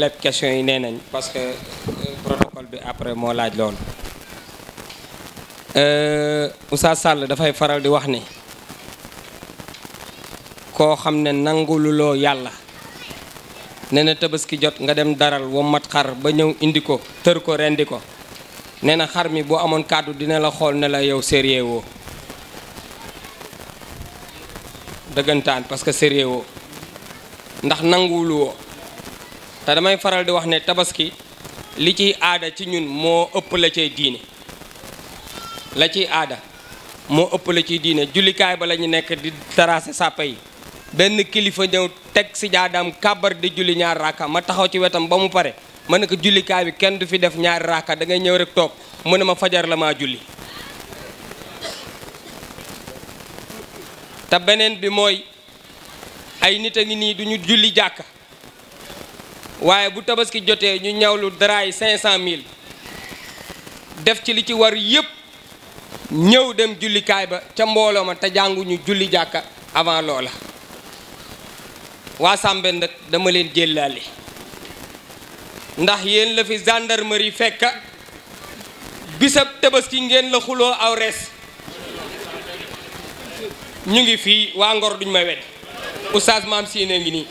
l'application yi pas ke parce que euh, protocole bi après mo laaj euh oustad Sall fay faral di wax ni ko xamne nangul lo yalla nee tebeski jot nga dem daral wommat xar ba ñew indi ko teur ko rendi ko nee xar mi bo amone cadeau dina la xol ne la yow sérieux wo deugantane parce que sérieux wo ndax nangul wo te damay faral di wax ne tabaski li ciy aada ci ñun moo ëpp la cay diine la ciy aada moo ëpp la ciy diine jullikaay ba la ñu nekk di taraase sàppa yi benn kilifa ñëw teg ci jaadaam kàbbar di julli ñaari raaka ma taxaw ci wetam ba mu pare mën ne ko jullikaay bi kenn du fi def ñaari raaka da ngay ñëw rek toog mu ne ma fajar la maa julli te beneen bi mooy ay nit a ngi nii duñu julli jàkka waye bu tabaski joté ñu ñawlu daraay 500000 def ci li ci war yépp ñew dem kay ba ca mbolo ma jangu ñu julli jàkka avant loola wa sambe nak dama leen jëlali ndax yeen la fi gendarmerie fekk bisab tabaski ngeen la xulo aw res ñu ngi fi wa Ngor duñ ma wéd oustaz maam Sine ngi ni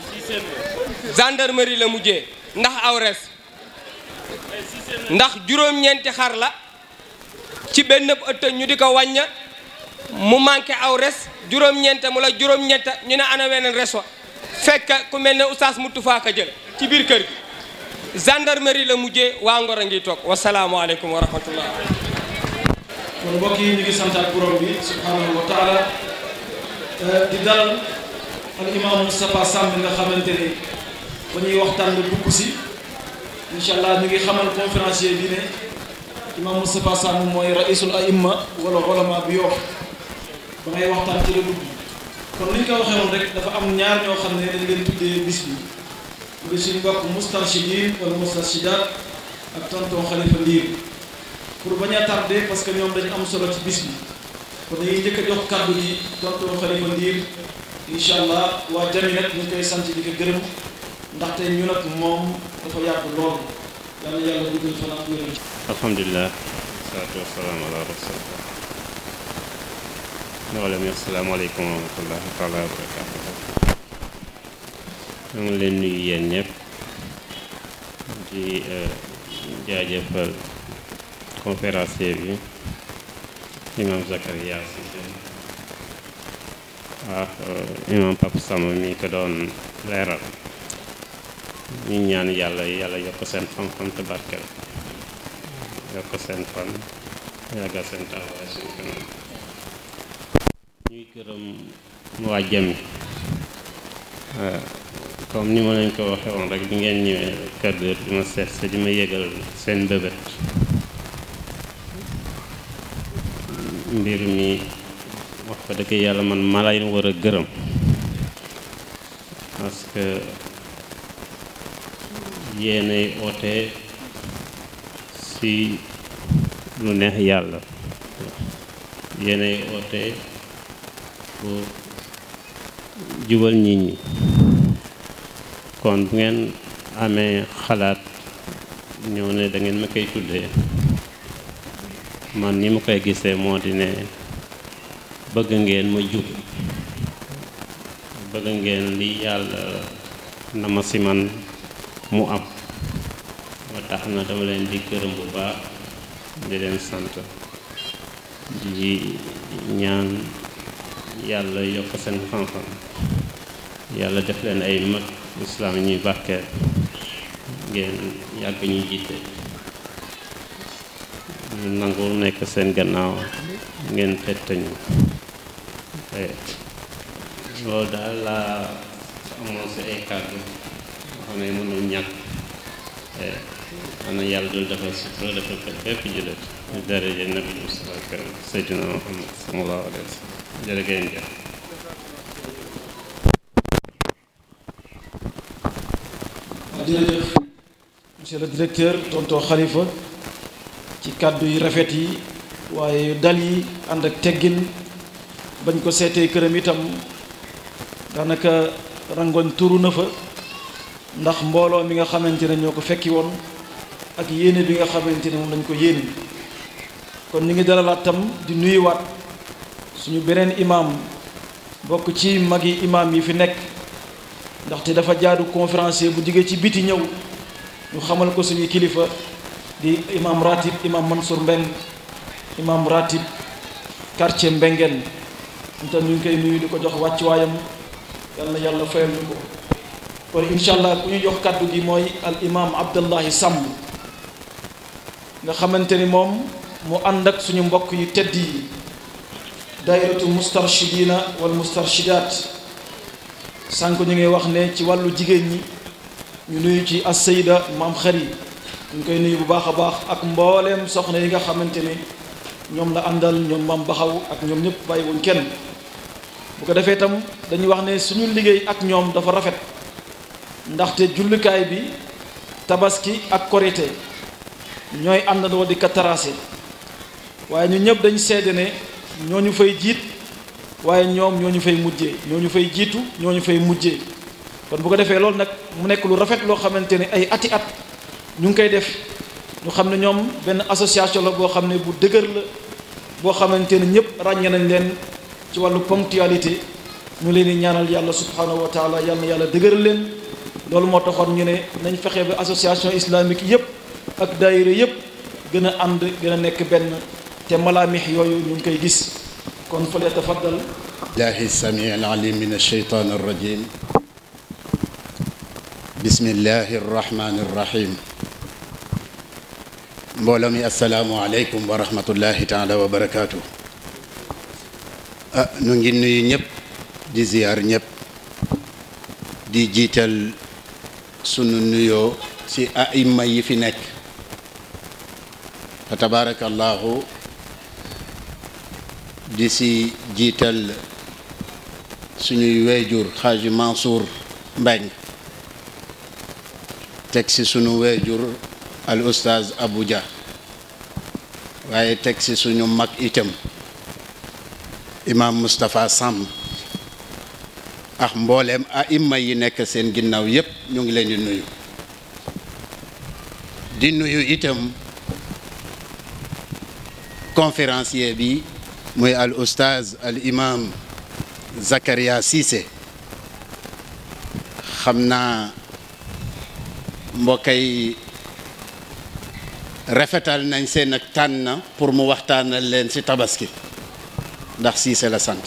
gendarmerie la mujjee ndax aw res ndax juróom-ñeenti xar la ci benn ëtt ñu di ko wàñña mu manqué aw res juróom-ñeent mu la juróom-ñeent ñu ne ana weneen res wa fekk ku mel ne oustaz Moutou Faka jël ci biir kër gi gendarmerie la mujjee waa Ngor a ngi toog wasalaamualeykum wa rahmatullah kon mbokk yi ñu ngi santaat borom bi subhanahu wa di dalal al imam Moustapha Samb nga xamante ni ba ñuy waxtaan ba bukk si incha allah ñu ngi xamal conférencier bi ne imam Moustapha Sam mooy raisul aïmma wala ulama bi Yoff ba ngay waxtaan ci la dugg kon ni ñu ko waxee woon rek dafa am ñaar ñoo xam ne dañ leen tuddee bis bi muy suñu mbokk moustarchidin wala moustarchidat ak tonton Khalifa Ndiir pour bañ a tardé parce que ñoom dañu am solo ci bis bi kon dañuy njëkk jox kàddu gi tonton Khalifa Ndiir incha allah waa Jaminat ñu koy sant di ko gërëm ndaxte ñu nag moom dafa yàgg lool yàlla yàlla guddal fan ak wér. alhamdulilah. salaatu wa salaam ala rasulillah. mboolem yi asalaamaaleykum wa rahmatullahi leen nuyu yéen ñëpp di eh, jaajëfal conférencier bi imam Zakaria Cissé eh, imam Papa mi ko doon leeral. ñu ñaan yàlla yàlla yokk seen xam-xam te barkeel yokk seen fan yàggal seen taxawaay seen kanam ñuy gërëm waa Jami eh, comme ni ma leen ko waxee woon rek ngeen ñëwee kër gi di ma seet sa di ma yëgal seen bébét mbir mi wax fa dëgg yàlla man ma lay war a gërëm parce yéenay oote si lu neex yàlla yéenay oote pour jubal nit ñi kon bu ngeen amee xalaat ñëw ne da ngeen ma koy tuddee man ni ma koy gisee moo di ne bëgg ngeen ma jub bëgg ngeen li yàlla na ma si man mu am ba tax na dama leen di gërëm bu baax di leen sant di ñaan yàlla yokk seen xam-xam yàlla def leen ay mag islam ñuy barke ngeen yàgg ñu jiite nangul nangu nekk seen gannaaw ngeen tettañu loolu eh, daal laa amoon si ay kàddu xam ne mënul ñàkk eh, am yàlla doon defal sutura le directeur tonton Khalifa ci kàddu yi rafet yi waaye dal yi ànd ak teggin bañ ko seetee këram itam daanaka rangoñ turu na fa ndax mbolo mi nga xamantene ñoko fekki won ak yene bi nga xamantene mo lañ ko yene kon ni ngi tam di wat suñu benen imam bok ci magi imam yi fi ndax te dafa jaadu conférencier bu jige ci biti ñew ñu xamal ko suñu kilifa di imam ratib imam Mansur mbeng imam ratib quartier mbengeen tan ñu ngi koy nuyu diko ko waccu wayam yalla yalla fayal ko kon incha allah ku ñu jox kàddu gi mooy al imam Abdallahi Samb nga xamante ni moom mu ànd ak suñu mbokk yu tedd yi dayratu mustarshidina wal mustarshidat sànq ñu ngi wax ne ci wàllu jigéen ñi ñu nuyu ci assayda maam xari ñu koy nuyu bu baax a baax ak mbooleem soxna yi nga xamante ni ñoom la àndal ñoom maam baxaw ak ñoom ñëpp bàyyiwuñ kenn bu ko defee itam dañuy wax ne suñu liggéey ak ñoom dafa rafet ndaxte jullukaay bi tabaski ak korite ñooy àndandoo di ko tracé waaye ñu ñëpp dañ seede ne ñoo ñu fay jiit waaye ñoom ñoo ñu fay mujje ñoo ñu fay jiitu ñoo ñu fay mujjee kon bu ko defee loolu nag mu nekk lu rafet loo xamante ne ay ati at ñu ngi koy def ñu xam ne ñoom benn association la boo xam ne bu dëgër la boo xamante ne ñëpp ràññee nañ leen ci wàllu ponctualité ñu leen di ñaanal yàlla subhanahu yàlla na leen loolu moo taxoon ñu ne nañ fexe ba association islamique yëpp ak daayira yëpp gën a ànd gën a nekk benn te malaamix yooyu ñu ngi koy gis kon fale tafaddal billahi samii alalim min alsheytan arrajim bismillahi arrahmani arrahim mbooloo mi asalaamualeykum wa rahmatullahi taala wa barakaatu ah nu ngi nuyu ñëpp di ziyaar ñëpp di jiital sunu nuyo ci aima yi fi nek fa tabaarakallaahu di ci jital suñu wéjur xaaji Mansour Mbeng tek ci sunu wéjur al ustaaz Abou waye tek ci suñu mak itam imam Moustapha sam ak mbooleem aima yi nekk seen ginnaaw yépp ñu ngi leen di nuyu di nuyu itam conférencier bi muy al oustaz al imam Zakaria Cissé xam naa mbokkay rafetal nañ seen ak tànn na pour mu waxtaanal leen ci tabaski ndax Cissé la sant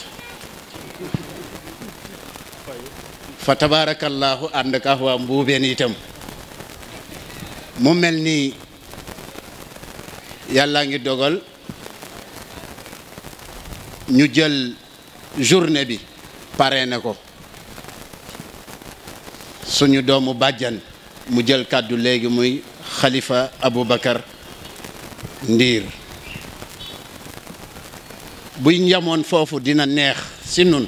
fa tabaarakallaahu ànd ak waa mbuubeen itam mu mel ni yàllaa ngi dogal ñu jël journée bi pare na ko suñu doomu bàjjan mu jël kàddu léegi muy xalifa abu bakar Ndiir buy njamoon foofu dina neex si nun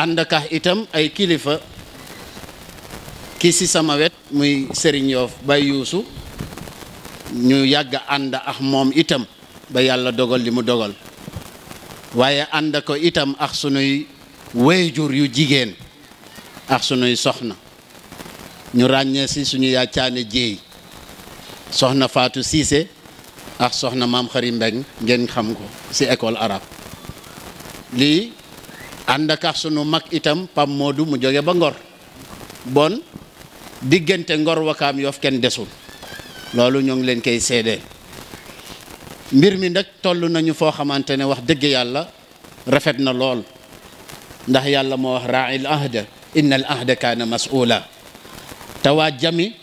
ànd akax itam ay kilifa ki ci sama wet muy sëriñ Yoof Baye Yuusu ñu yàgg ànd ak moom itam ba yàlla dogal li mu dogal waaye ànd ko itam ak sunuy weyjur yu jigéen ak sunuy soxna ñu ràññee si suñu yàccaane jéey soxna faatu Cissé ak soxna maam Xari Mbeng ngeen xam ko ci école arabe lii Anda sunu mak itam Pam modu mu joge ba Ngor bon digenté Ngor wakam yof ken desul lolou ñong leen kay sédé mbir mi nak tollu nañu fo xamantene wax deug yalla rafet na lol ndax yalla mo wax ra'il ahda inna al ahda kana mas'ula tawajjami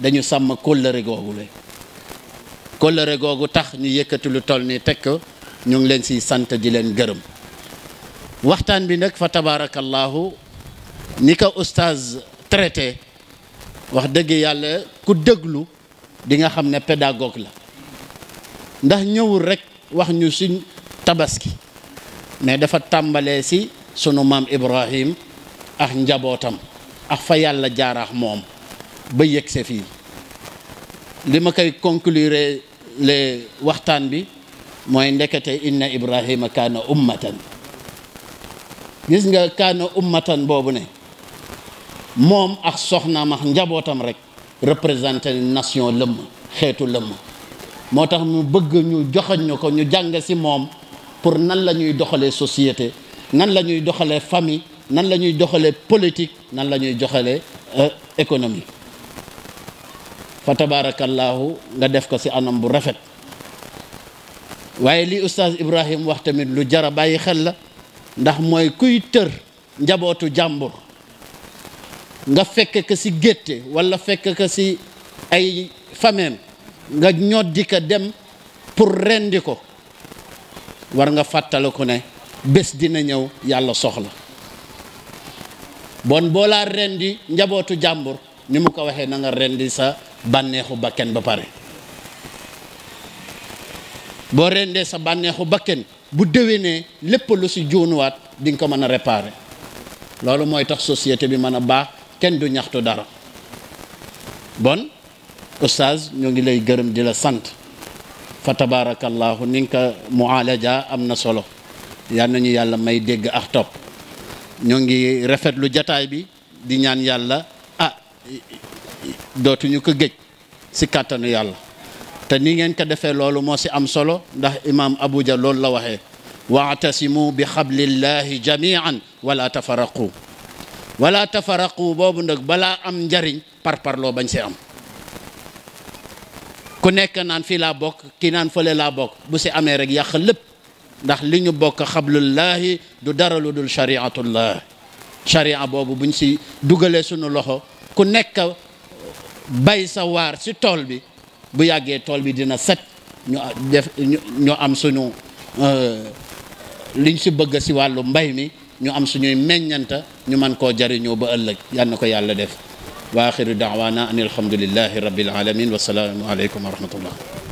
dañu sam ko leere kóllëre ko leere kóllëre tax ñu yëkkati lu toll ni tek leen ci sante di leen gëreum waxtaan bi nag fa tabaarakallaahu ni ko oustaz traité wax dëgg yàlla ku déglu di nga xam ne pédagogue la ndax ñëwul rek wax ñu suñ tabaski mais dafa tàmbalee si sunu maam Ibrahim ak njabootam ak fa yàlla jaaraax moom ba yegse fii li ma koy conclure le waxtaan bi mooy ndekete inna Ibrahima kaana ummatan gis nga kana ummatan bobu ne mom ak soxna ma njabotam rek representer nation leum xetu leum motax mu beug ñu joxañ ñu ñu jàng ci mom pour nan lañuy doxale société nan lañuy doxale famille nan lañuy doxale politique nan lañuy joxale économie fa tabarakallah nga def ko ci anam bu rafet waye li oustaz Ibrahim wax tamit lu jara baye xel la ndax mooy kuy tër njabootu jàmbur nga fekk ko si gétte walla fekk ko si ay fameem nga ñoddi ko dem pour rendi ko war nga fàttaliku ne bés dina ñëw yàlla soxla bon boo laa rendi njabootu jàmbur ni mu ko waxee nanga nga rendi sa bànneexu bakken ba pare boo rendee sa bànneexu bakken bu déwénee lépp lu si juunuwaat di nga ko mën a réparer loolu mooy tax société bi mën a baax kenn du ñaxtu dara bon oustaz ñoo ngi lay gërëm di la sant fa tabarakallahu ni nga ko mualaja am na solo yal nañu yàlla may dégg ak topp ñoo ngi rafetlu jataay bi di ñaan yàlla ah dootuñu ko géej si kàttanu yàlla te ni ngeen ko defee loolu moo si am solo ndax imaam Abuja loolu la waxee waatasimu bi xablillahi jamian wala tafaraqu wala tafaraqu boobu nag balaa am njariñ par par parloo bañ si am ku nekk naan fii laa bokk kii naan fële laa bokk bu si amee rek yàq lépp ndax li ñu bokk xablullaahi du dara lu dul shariatullah sharia boobu buñ si dugalee sunu loxo ku nekk bay sa waar si tool bi bu yagge tol bi dina set ñu def ñu am suñu euh liñ ci bëgg ci walu mbay mi ñu am suñu meññanta ñu man ko jariño ba ëlëk yal ko yàlla def wa akhiru da'wana anil hamdulillahi rabbil alamin wa salamu alaykum wa rahmatullah